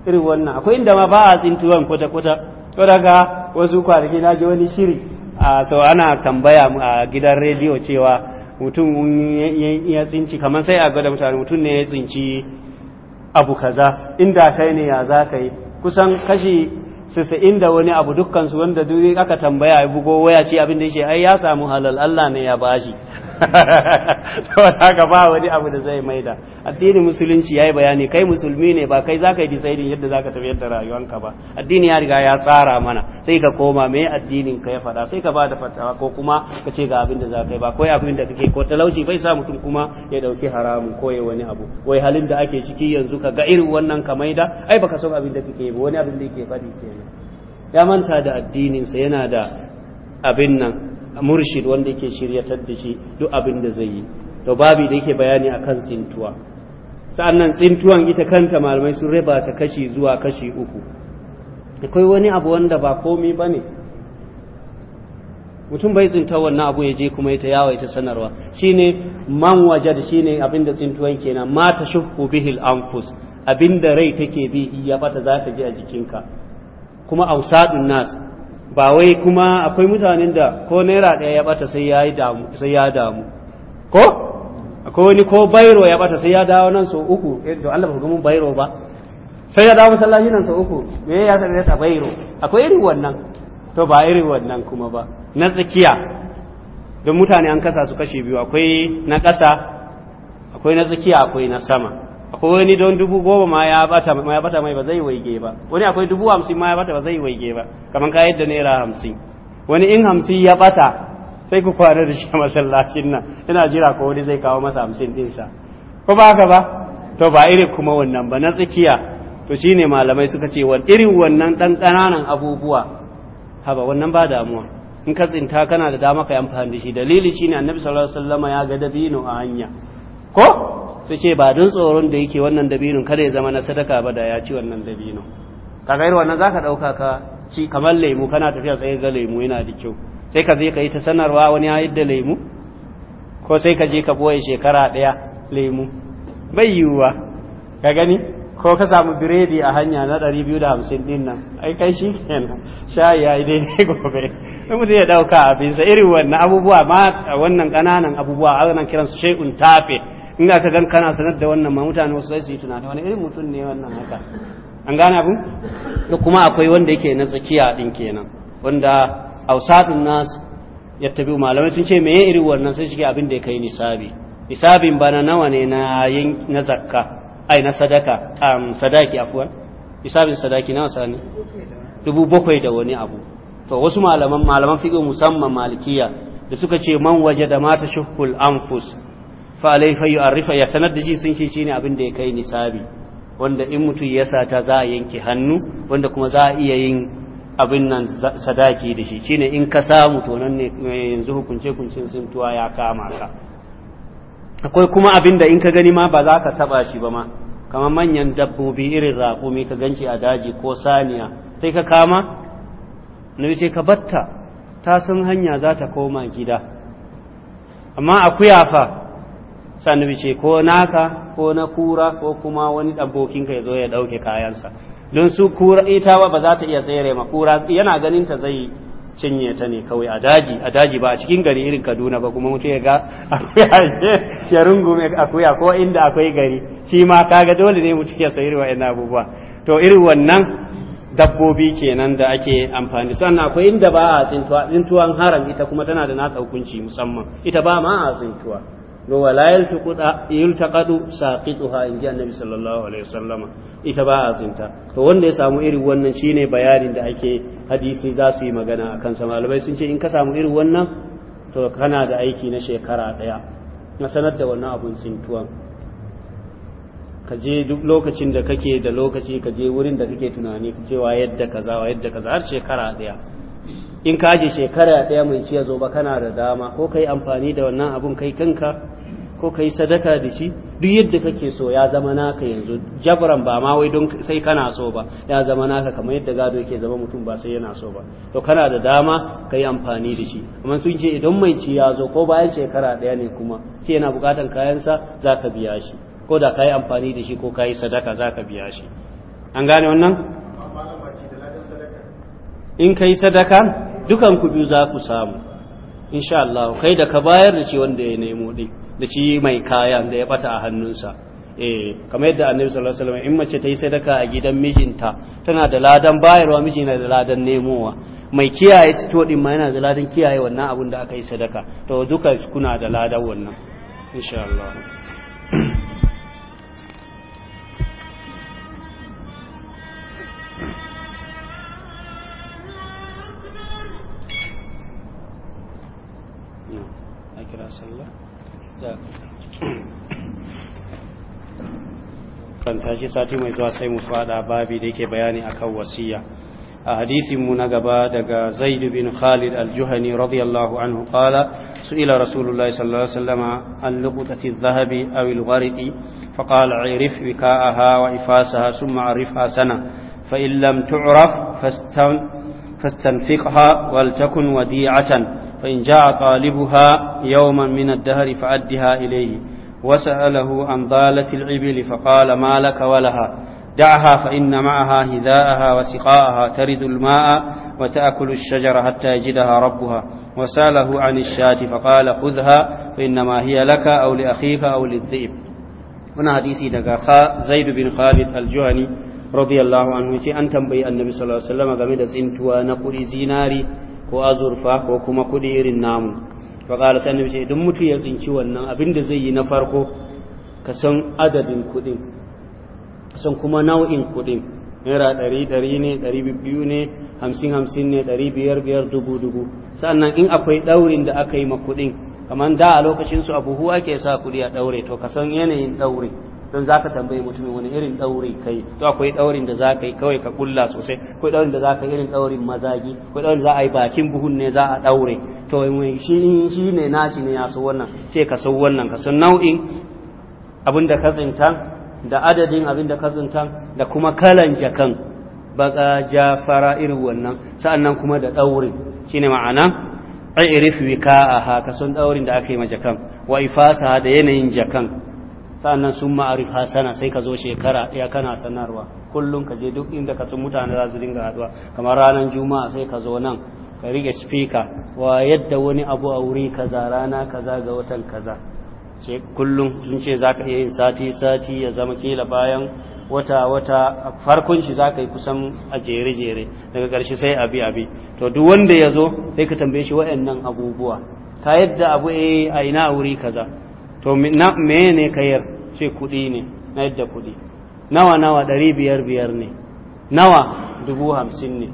irin wannan akwai inda ma ba a tsintuwan kwata kwata to daga wasu kwanaki na ji wani shiri a to ana tambaya a gidan rediyo cewa mutum ya tsinci kamar sai a gwada mutane mutum ne ya tsinci abu kaza inda kai ne ya za ka yi kusan kashi sisa'in da wani abu dukkansu wanda duk aka tambaya ya bugo waya ce abin da ya ce ai ya samu halal Allah ne ya bashi saboda haka ba wani abu da zai maida addinin musulunci yayi bayani kai musulmi ne ba kai zaka yi deciding yadda zaka tafiyar da ka ba addini ya riga ya tsara mana sai ka koma me addinin ka ya faɗa sai ka ba da fatawa ko kuma ka ce ga abin da zaka yi ba ko abin da kake ko talauci bai sa mutum kuma ya dauki haramun ko ya wani abu wai halin da ake ciki yanzu ka ga irin wannan ka maida ai baka san abin da kake ba wani abin da yake faɗi kenan ya manta da addinin sa yana da abin nan murshid wanda yake shirya da shi duk abin da zai yi to babi da yake bayani akan tsintuwa sa'annan tsintuwan ita kanta malamai sun raba ta kashi zuwa kashi uku akwai wani abu wanda ba komi ba ne mutum bai tsinta wannan abu ya je kuma ita yawa ita sanarwa shine man wajad shine abin da tsintuwan kenan ma ta shuhu bihil anfus abin da rai take bi ya bata za ta ji a jikinka kuma ausadun nas ba wai kuma akwai mutanen da ko naira ɗaya ya bata sai ya damu sai ya damu ko akwai wani ko bairo ya bata sai ya dawo nan sau uku eh to Allah ba gumin bairo ba sai ya dawo masallaci nan sau uku me ya sanar ta bairo akwai irin wannan to ba irin wannan kuma ba na tsakiya don mutane an kasa su kashe biyu akwai na kasa akwai na tsakiya akwai na sama akwai wani don dubu goma ma ya bata mai ba zai waige ba wani akwai dubu hamsin ma ya bata ba zai waige ba kamar ka yadda naira hamsin wani in hamsin ya bata sai ku kwana da shi a masallacin nan yana jira ko wani zai kawo masa hamsin dinsa ko ba haka ba to ba irin kuma wannan ba na tsakiya to shine malamai suka ce wa irin wannan dan ƙananan abubuwa haba wannan ba damuwa in ka tsinta kana da dama ka yi amfani da shi dalili shine annabi sallallahu alaihi wasallam ya ga dabino a hanya ko su ce ba don tsoron da yake wannan dabinin kada ya zama na sadaka ba da ya ci wannan dabinin kaga irin wannan zaka dauka ka ci kamar lemu kana tafiya sai ga lemu yana da kyau sai ka je ka yi ta sanarwa wani ya yadda lemu ko sai ka je ka boye shekara daya lemu bai yiwuwa ka gani ko ka samu biredi a hanya na 250 din nan ai kai shi kenan shayi dai daidai gobe mutum ya dauka abinsa irin wannan abubuwa ma wannan kananan abubuwa ana kiransu shay'un tafe in ga ka gan kana sanar da wannan ma mutane wasu sai su yi tunani wani irin mutum ne wannan haka an gane abu da kuma akwai wanda yake na tsakiya din kenan wanda ausatun nas yattabi malamai sun ce yin irin wannan sai shige abin da ya kai nisabi nisabin bana nawa ne na yin na zakka ai na sadaka a sadaki afwan nisabin sadaki nawa sani dubu bakwai da wani abu to wasu malaman malaman fiqh musamman malikiya da suka ce man waje da mata shukul anfus fa alai ya sanar da shi sun ce shine abin da ya kai nisabi wanda in mutum ya sata za a yanke hannu wanda kuma za a iya yin abin nan sadaki da shi shine in ka samu to nan ne yanzu hukunce kuncin sun tuwa ya kama ka akwai kuma abin da in ka gani ma ba za ka taba shi ba ma kamar manyan dabbobi irin raƙumi ka ganci a daji ko saniya sai ka kama bi sai ka batta ta san hanya za ta koma gida amma akuya fa sannabi ce ko naka ko na kura ko kuma wani dabbokin ya zo ya ɗauke kayansa don su kura ita ba za ta iya tsere ma kura yana ganin ta zai cinye ta ne kawai a daji a daji ba a cikin gari irin Kaduna ba kuma mutum ya ga ya rungume akuya ko inda akwai gari shi ma kaga dole ne mu ya sayi irin wa'annan abubuwa to irin wannan dabbobi kenan da ake amfani sannan akwai inda ba a tsintuwa tsintuwan haram ita kuma tana da nata hukunci musamman ita ba ma a tsintuwa ruwa la yultaqadu saqituha in ji annabi sallallahu alaihi wasallama ita ba a to wanda ya samu irin wannan shine bayanin da ake hadisi za su yi magana akan sa malamai sun ce in ka samu irin wannan to kana da aiki na shekara daya na sanar da wannan abun tsintuwan ka je duk lokacin da kake da lokaci ka je wurin da kake tunani cewa yadda kaza yadda kaza har shekara daya in ka ji shekara ɗaya mai ciya zo ba kana da dama ko yi amfani da wannan abun kai kanka ko ka yi sadaka da shi duk yadda kake so ya zama naka yanzu jabran ba ma wai don sai kana so ba ya zama naka kamar yadda gado yake zama mutum ba sai yana so ba to kana da dama ka yi amfani da shi amma sun ce idan mai ci ya zo ko bayan shekara ɗaya ne kuma sai yana bukatan kayansa za ka biya shi ko da ka yi amfani da shi ko ka yi sadaka za ka biya shi an gane wannan in ka yi sadaka dukan ku biyu za ku samu insha Allah kai da ka bayar da shi wanda ya nemo din da shi mai kaya da ya bata a hannunsa eh kamar yadda annabi sallallahu alaihi wasallam in mace ta yi sadaka a gidan mijinta tana da ladan bayarwa miji na da ladan nemowa mai kiyaye sito din ma yana da ladan kiyaye wannan abun da aka yi sadaka to duka kuna da ladan wannan insha Allah هكذا أسأل الله kan tashi sati mai zuwa sai mu fada babi da yake bayani akan wasiya a hadisin mu na gaba daga Zaid bin Khalid al-Juhani radiyallahu anhu qala su'ila Rasulullah sallallahu alaihi wasallam an luqtati adh-dhahabi aw al-ghariqi fa qala 'irif wika'aha wa ifasaha thumma 'arifha sana fa in lam tu'raf fastan fastanfiqha wal takun wadi'atan فإن جاء طالبها يوما من الدهر فأدها إليه وسأله عن ضالة العبل فقال ما لك ولها دعها فإن معها هذاءها وسقاءها ترد الماء وتأكل الشجر حتى يجدها ربها وسأله عن الشاة فقال خذها فإنما هي لك أو لأخيك أو للذئب هنا حديثي دقا زيد بن خالد الجهني رضي الله عنه أن تنبي النبي صلى الله عليه وسلم قمد زنت نقري زيناري ko azurfa ko kuma kudi irin namu fa qala sannan ce idan mutu ya tsinci wannan abin da zai yi na farko ka san adadin kudin ka san kuma nau'in kudin naira ɗari ɗari ne ɗari biyu ne hamsin hamsin ne ɗari biyar biyar dubu dubu sannan in akwai ɗaurin da aka yi ma kudin kamar da a lokacin su abu ake sa kudi a ɗaure to ka san yanayin ɗaurin. don za ka tambaye mutumin wani irin daure kai to akwai ɗaurin da za ka yi kawai ka kulla sosai akwai ɗaurin da ka yi irin ɗaurin mazagi akwai ɗaurin da za a yi bakin buhun ne za a ɗaure. to shi shi ne nashi ne ya so wannan sai ka so wannan ka san nau'in abin da ka tsinta da adadin abin da ka tsinta da kuma kalan jakan baka ja, fara, irin wannan sa'annan kuma da Shi shine ma'ana irif wika'aha ka san ɗaurin da aka yi ma jakan wa ifasa da yanayin jakan nan sun ma'arifa sana sai ka zo shekara ya kana sanarwa kullum ka je duk inda ka san mutane za su dinga haduwa kamar ranar juma'a sai ka zo nan ka rike spika wa yadda wani abu a wuri kaza rana kaza ga watan kaza ce kullum sun ce za ka iya sati sati ya zama kila bayan wata wata farkon shi za ka yi kusan a jere jere daga ƙarshe sai abi abi to duk wanda ya zo sai ka tambaye shi waɗannan abubuwa ka yadda abu eh, a ina a wuri kaza to me ne kayar ce kuɗi ne na yadda kuɗi nawa nawa ɗari biyar biyar ne nawa dubu hamsin ne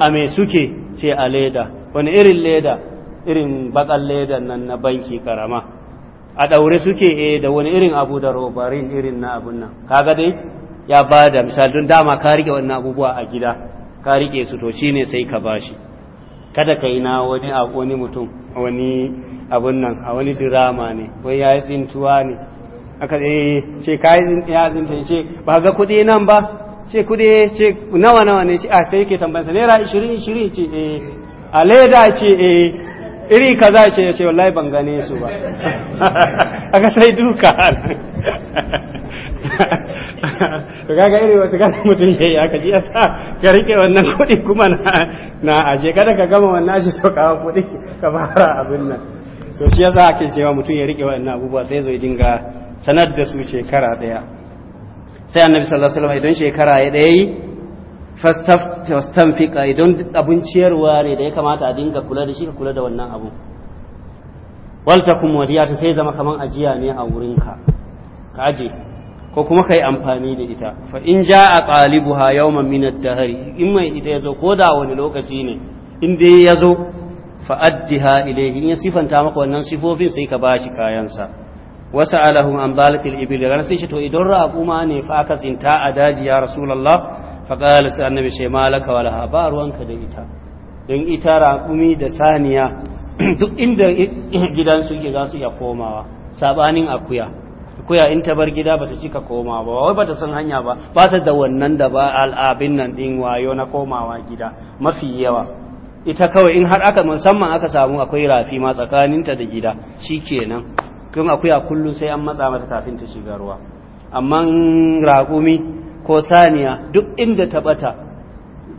a me suke ce a leda wani irin leda irin bakan leda nan na banki karama a ɗaure suke e da wani irin abu da robarin irin na abun nan kaga dai ya ba da misali don dama ka rike wannan abubuwa a gida ka rike su to shine sai ka bashi kada ka yi na wani wani mutum wani abun nan a wani dirama ne wai ya yi tsintuwa ne aka eh ce kai ya zin ta ce ba ga kuɗi nan ba ce kuɗi ce nawa nawa ne a sai yake tambayarsa naira 20 20 ce eh a leda ce eh iri kaza ce ya ce wallahi ban gane su ba aka sai duka to kaga iri wasu kan mutum ya yi aka ji ya sa ka rike wannan kuɗi kuma na aje kada ka gama wannan shi so kawo kuɗi ka fara abin nan to shi yasa ake cewa mutum ya rike wannan abubuwa sai zo ya dinga sanar da su shekara ɗaya sai annabi sallallahu alaihi wasallam idan shekara ya ɗaya yi fastanfika idan abin ciyarwa ne da ya kamata a dinga kula da shi ka kula da wannan abu waltakum ta sai zama kaman ajiya ne a wurinka ka aje ko kuma kai amfani da ita fa in jaa qalibuha yawman min ad-dahr in mai ita yazo ko da wani lokaci ne in dai yazo fa addiha ilayhi in ya sifanta maka wannan sifofin sai ka bashi kayansa wasu alahun an balatil ibil ranar sai shi to idan raƙuma ne fa aka tsinta a daji ya rasulallah fa ƙala sai annabi shi malaka wala ba ruwanka da ita don ita raƙumi da saniya duk inda gidan su ke za su iya komawa sabanin akuya akuya in ta bar gida bata cika koma ba wai bata san hanya ba ba ta da wannan da ba al'abin nan din wayo na komawa gida mafi yawa ita kawai in har aka musamman aka samu akwai rafi ma tsakaninta da gida shi kenan. akwai akuya kullum sai an matsa mata kafin ta shiga ruwa amma raƙumi ko saniya duk inda ta bata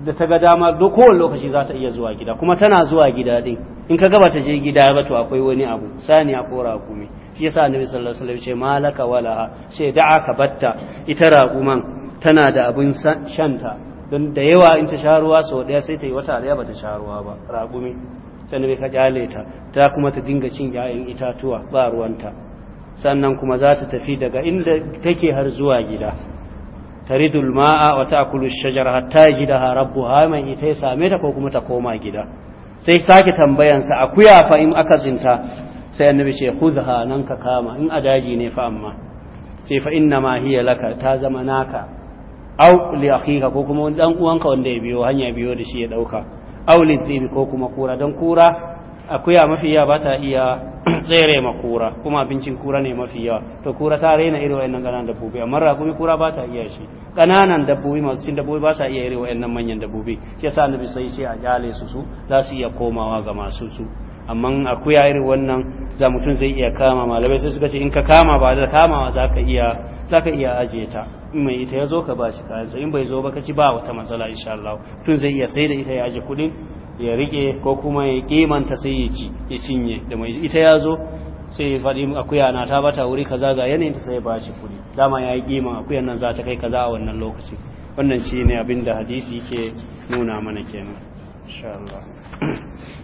da ta ga dama duk kowane lokaci za ta iya zuwa gida kuma tana zuwa gida din in ka gaba ta je gida ba to akwai wani abu saniya ko raƙumi shi yasa annabi sallallahu alaihi wasallam ce malaka wala sai da'a ka batta ita raƙuman tana da abin shanta don da yawa in ta sha ruwa sau ɗaya sai ta yi wata ɗaya ba ta sha ruwa ba raƙumi sannan ka kyale ta ta kuma ta dinga cin yayin itatuwa ba ruwanta sannan kuma za ta tafi daga inda take har zuwa gida taridul ma'a wa ta'kulu ash-shajara hatta rabbu ha mai ita ya same ta ko kuma ta koma gida sai sake tambayansa akuya fa in aka zinta sai annabi ce khudha nan ka kama in a daji ne fa amma sai fa inna ma hiya laka ta zama naka au li akhika ko kuma dan uwanka wanda ya biyo hanya biyo da shi ya dauka aulin zibi ko kuma kura don kura akuya mafi yawa ba ta iya tsere ma kura kuma abincin kura ne mafi yawa to kura ta raina irin wa'annan ƙananan dabbobi amma rakumi kura ba ta iya shi ƙananan dabbobi masu cin dabbobi ba sa iya irin wa'annan manyan dabbobi shi yasa annabi sai ce a jale su su za su iya komawa ga masu su amma akuya irin wannan za mutum zai iya kama malamai sai suka ce in ka kama ba da kamawa za ka iya zaka iya ajiye ta in mai ita ya zo ka ba shi kayan in bai zo ba ka ci ba wata matsala insha Allah tun zai iya sai da ita ya aje kuɗin ya rike ko kuma ya kimanta sai ya ci ya cinye da mai ita ya zo sai ya faɗi akuya na ta bata wuri kaza ga yanayin ta sai ya ba shi kuɗi dama ya yi kiman akuyan nan za ta kai kaza a wannan lokaci wannan shi ne abin da hadisi ke nuna mana kenan insha Allah